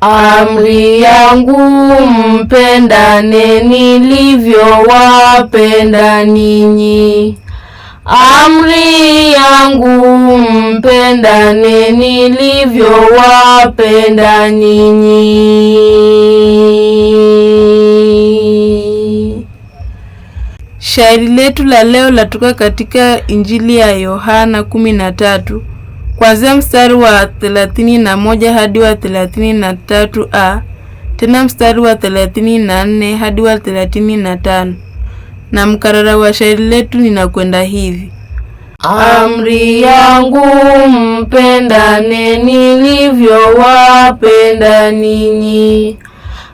Amri yangu mpendane nilivyowapenda ninyi. Amri yangu mpendane nilivyowapenda ninyi. Shairi letu la leo latoka katika Injili ya Yohana tatu kuanzia mstari wa thelathini na moja hadi wa thelathini na tatu a tena mstari wa thelathini na nne hadi wa thelathini na tano na mkarara wa shairi letu ninakwenda hivi: Amri yangu mpendane nilivyowapenda ninyi,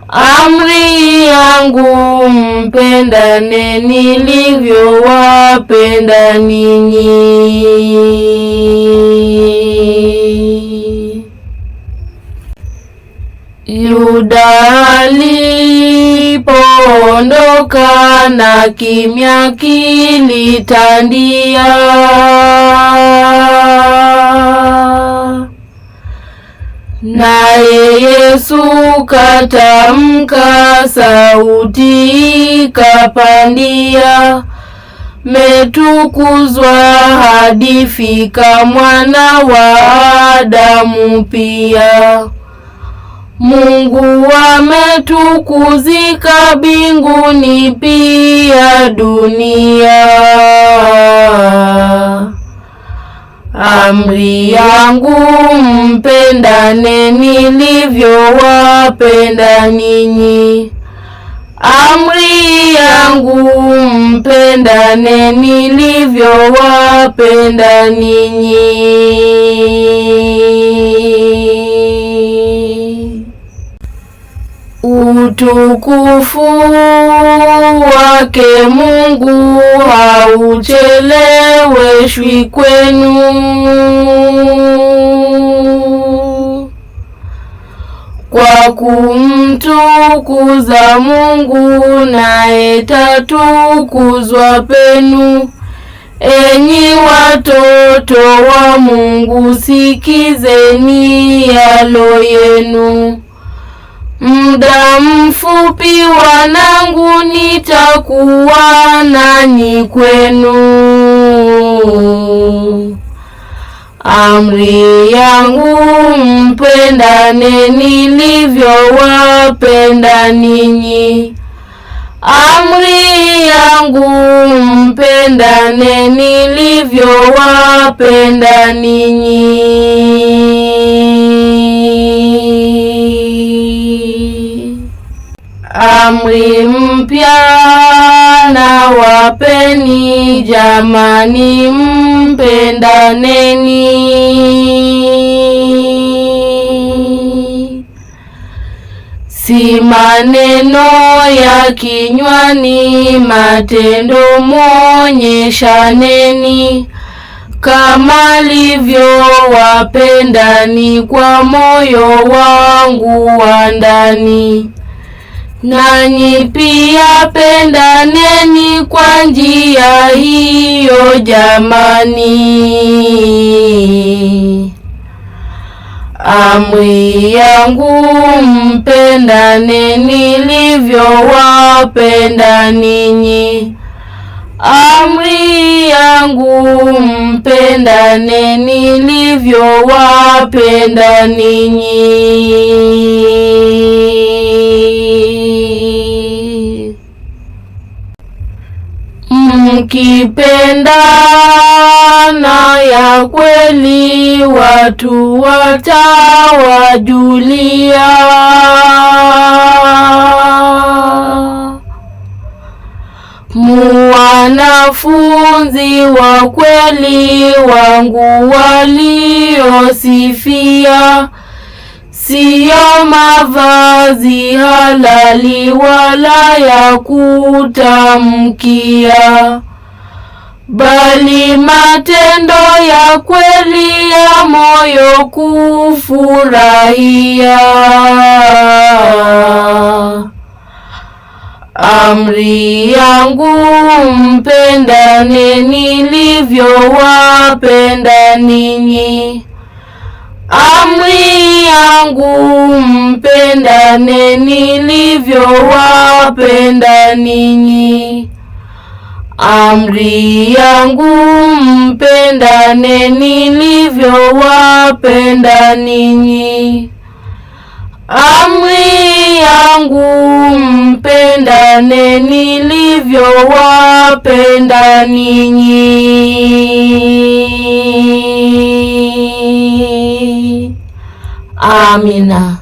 amri yangu mpendane nilivyowapenda ninyi. Yuda alipoondoka na kimya kilitandia. Naye Yesu katamka, sauti ikapandia, metukuzwa hadi fika mwana wa Adamu pia. Mungu ametukuzika binguni pia dunia. Amri yangu mpendane nilivyowapenda ninyi. Amri yangu mpendane nilivyowapenda ninyi. Utukufu wake Mungu haucheleweshwi kwenu. Kwa kumtukuza Mungu naye tatukuzwa penu. Enyi watoto wa Mungu, sikizeni yalo yenu. Muda mfupi wanangu, nitakuwa nani kwenu. Amri yangu mpendane, nilivyowapenda ninyi. Amri yangu mpendane, nilivyowapenda ninyi. amri mpya na wapeni, jamani mpendaneni. Si maneno ya kinywani, matendo mwonyeshaneni kama livyo wapendani, kwa moyo wangu wa ndani. Nanyi pia pendaneni kwa njia hiyo jamani. Amri yangu mpendane nilivyowapenda ninyi. Amri yangu mpendane nilivyowapenda ninyi. mkipendana ya kweli watu watawajulia. Muwanafunzi wa kweli wangu waliosifia siyo mavazi halali wala ya kutamkia, bali matendo ya kweli ya moyo kufurahia. Amri yangu mpendane, nilivyowapenda ninyi Amri yangu mpendane nilivyowapenda ninyi. Amri yangu mpendane nilivyowapenda ninyi. Amri yangu mpendane nilivyowapenda ninyi. Amina.